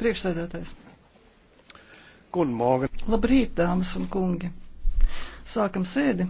Priekšsēdētājs. Labrīt, dāmas un kungi. Sākam sēdi.